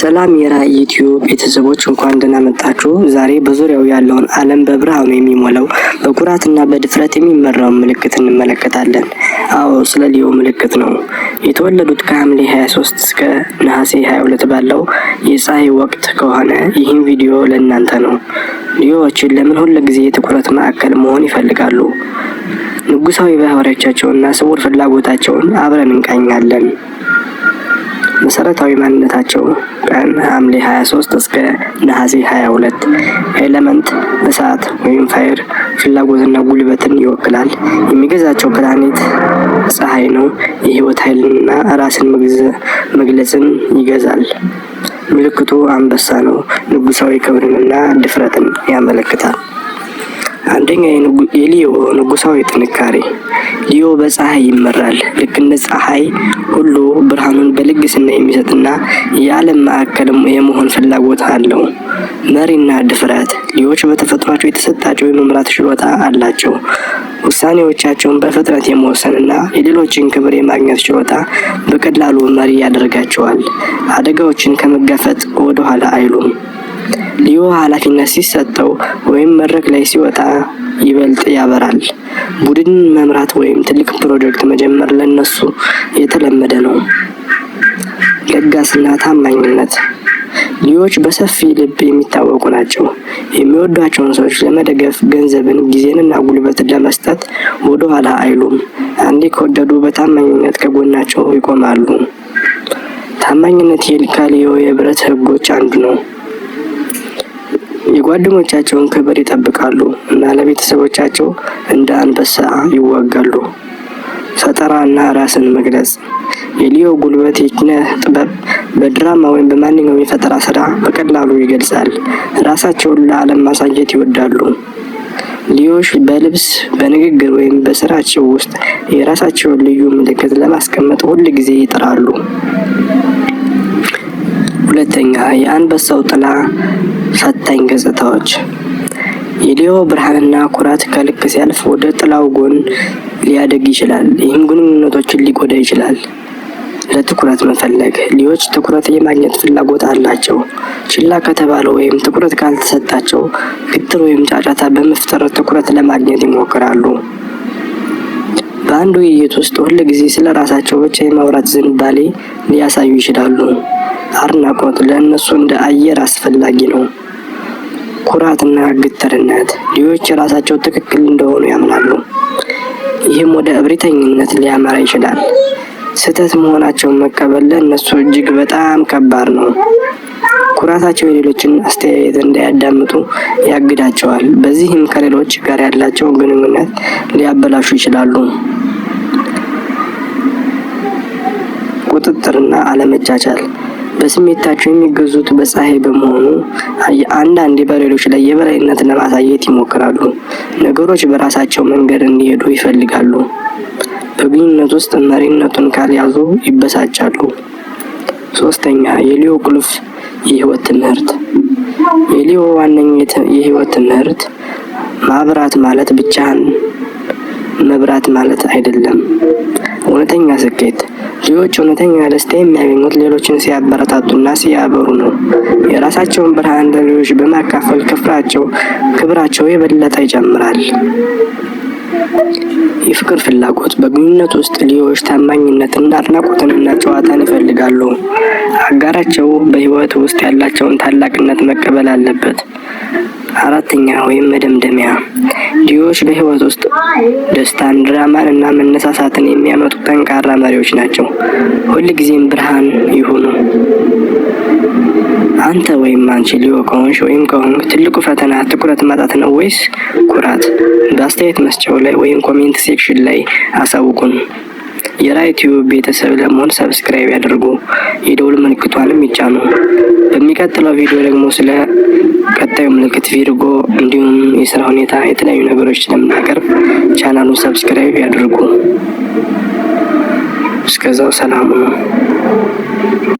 ሰላም የራዕይ ዩቲዩብ ቤተሰቦች እንኳን ደህና መጣችሁ። ዛሬ በዙሪያው ያለውን ዓለም በብርሃኑ የሚሞላው በኩራትና በድፍረት የሚመራውን ምልክት እንመለከታለን። አዎ ስለ ሊዮ ምልክት ነው። የተወለዱት ከሐምሌ 23 እስከ ነሐሴ 22 ባለው የፀሐይ ወቅት ከሆነ ይህም ቪዲዮ ለእናንተ ነው። ሊዮዎችን ለምን ሁል ጊዜ የትኩረት ማዕከል መሆን ይፈልጋሉ? ንጉሳዊ ባህሪዎቻቸውና ስውር ፍላጎታቸውን አብረን እንቃኛለን። መሰረታዊ ማንነታቸው ቀን ሐምሌ 23 እስከ ነሐሴ 22። ኤለመንት እሳት ወይም ፋይር ፍላጎትና ጉልበትን ይወክላል። የሚገዛቸው ፕላኔት ፀሐይ ነው። የህይወት ኃይልና ራስን መግለጽን ይገዛል። ምልክቱ አንበሳ ነው። ንጉሳዊ ክብርንና ድፍረትን ያመለክታል። አንደኛ የሊዮ ንጉሳዊ ጥንካሬ። ሊዮ በፀሐይ ይመራል። ልክ እንደ ፀሐይ ሁሉ ብርሃኑን በልግስና የሚሰጥና የዓለም ማዕከል የመሆን ፍላጎት አለው። መሪና ድፍረት። ሊዮች በተፈጥሯቸው የተሰጣቸው የመምራት ችሎታ አላቸው። ውሳኔዎቻቸውን በፍጥነት የመወሰንና የሌሎችን ክብር የማግኘት ችሎታ በቀላሉ መሪ ያደርጋቸዋል። አደጋዎችን ከመጋፈጥ ወደኋላ አይሉም። ልዩ ኃላፊነት ሲሰጠው ወይም መድረክ ላይ ሲወጣ ይበልጥ ያበራል። ቡድን መምራት ወይም ትልቅ ፕሮጀክት መጀመር ለነሱ የተለመደ ነው። ለጋስና ታማኝነት ሊዮች በሰፊ ልብ የሚታወቁ ናቸው። የሚወዷቸውን ሰዎች ለመደገፍ ገንዘብን፣ ጊዜንና ጉልበትን ለመስጠት ወደ ኋላ አይሉም። አንዴ ከወደዱ በታማኝነት ከጎናቸው ይቆማሉ። ታማኝነት የልካሊዮ የብረት ህጎች አንዱ ነው። የጓደኞቻቸውን ክብር ይጠብቃሉ እና ለቤተሰቦቻቸው እንደ አንበሳ ይዋጋሉ። ፈጠራና ራስን መግለጽ የሊዮ ጉልበት የኪነ ጥበብ በድራማ ወይም በማንኛውም የፈጠራ ስራ በቀላሉ ይገልጻል። ራሳቸውን ለዓለም ማሳየት ይወዳሉ። ሊዮሽ በልብስ በንግግር ወይም በስራቸው ውስጥ የራሳቸውን ልዩ ምልክት ለማስቀመጥ ሁል ጊዜ ይጥራሉ። ሁለተኛ የአንበሳው ጥላ ፈታኝ ገጽታዎች የሊዮ ብርሃንና ኩራት ከልክ ሲያልፍ ወደ ጥላው ጎን ሊያደግ ይችላል። ይህም ግንኙነቶችን ሊጎዳ ይችላል። ለትኩረት መፈለግ ሊዮች ትኩረት የማግኘት ፍላጎት አላቸው። ችላ ከተባለ ወይም ትኩረት ካልተሰጣቸው ግትር ወይም ጫጫታ በመፍጠር ትኩረት ለማግኘት ይሞክራሉ። በአንድ ውይይት ውስጥ ሁል ጊዜ ስለ ራሳቸው ብቻ የማውራት ዝንባሌ ሊያሳዩ ይችላሉ። አድናቆት ለእነሱ እንደ አየር አስፈላጊ ነው። ኩራትና ግትርነት ልጆች የራሳቸው ትክክል እንደሆኑ ያምናሉ። ይህም ወደ እብሪተኝነት ሊያመራ ይችላል። ስህተት መሆናቸውን መቀበል ለእነሱ እጅግ በጣም ከባድ ነው። ኩራታቸው የሌሎችን አስተያየት እንዳያዳምጡ ያግዳቸዋል። በዚህም ከሌሎች ጋር ያላቸው ግንኙነት ሊያበላሹ ይችላሉ። ቁጥጥርና አለመቻቻል በስሜታቸው የሚገዙት በፀሐይ በመሆኑ አንዳንዴ በሌሎች ላይ የበላይነት ለማሳየት ይሞክራሉ። ነገሮች በራሳቸው መንገድ እንዲሄዱ ይፈልጋሉ። በግንኙነት ውስጥ መሪነቱን ካልያዙ ይበሳጫሉ። ሶስተኛ የሊዮ ቁልፍ የህይወት ትምህርት የሊዮ ዋነኛ የህይወት ትምህርት ማብራት ማለት ብቻን መብራት ማለት አይደለም። እውነተኛ ስኬት ልጆች እውነተኛ ደስታ የሚያገኙት ሌሎችን ሲያበረታቱና ሲያበሩ ነው። የራሳቸውን ብርሃን ለሌሎች በማካፈል ክፍራቸው ክብራቸው የበለጠ ይጨምራል። የፍቅር ፍላጎት በግንኙነት ውስጥ ሊዮች ታማኝነትና አድናቆትንና ጨዋታን ይፈልጋሉ። አጋራቸው በህይወት ውስጥ ያላቸውን ታላቅነት መቀበል አለበት። አራተኛ ወይም መደምደሚያ ሊዮች በህይወት ውስጥ ደስታን፣ ድራማን እና መነሳሳትን የሚያመጡ ጠንካራ መሪዎች ናቸው። ሁልጊዜም ብርሃን ይሁኑ። አንተ ወይም አንቺ ሊዮ ከሆንሽ ወይም ከሆንክ ትልቁ ፈተና ትኩረት ማጣት ነው ወይስ ኩራት? በአስተያየት መስጫው ላይ ወይም ኮሜንት ሴክሽን ላይ አሳውቁን። የራይ ቲዩብ ቤተሰብ ለመሆን ሰብስክራይብ ያደርጉ፣ የደውል ምልክቷንም ይጫኑ። በሚቀጥለው ቪዲዮ ደግሞ ስለ ቀጣዩ ምልክት ቪርጎ፣ እንዲሁም የስራ ሁኔታ፣ የተለያዩ ነገሮች ስለምናቀርብ ቻናሉ ሰብስክራይብ ያደርጉ። እስከዛው ሰላም ነው።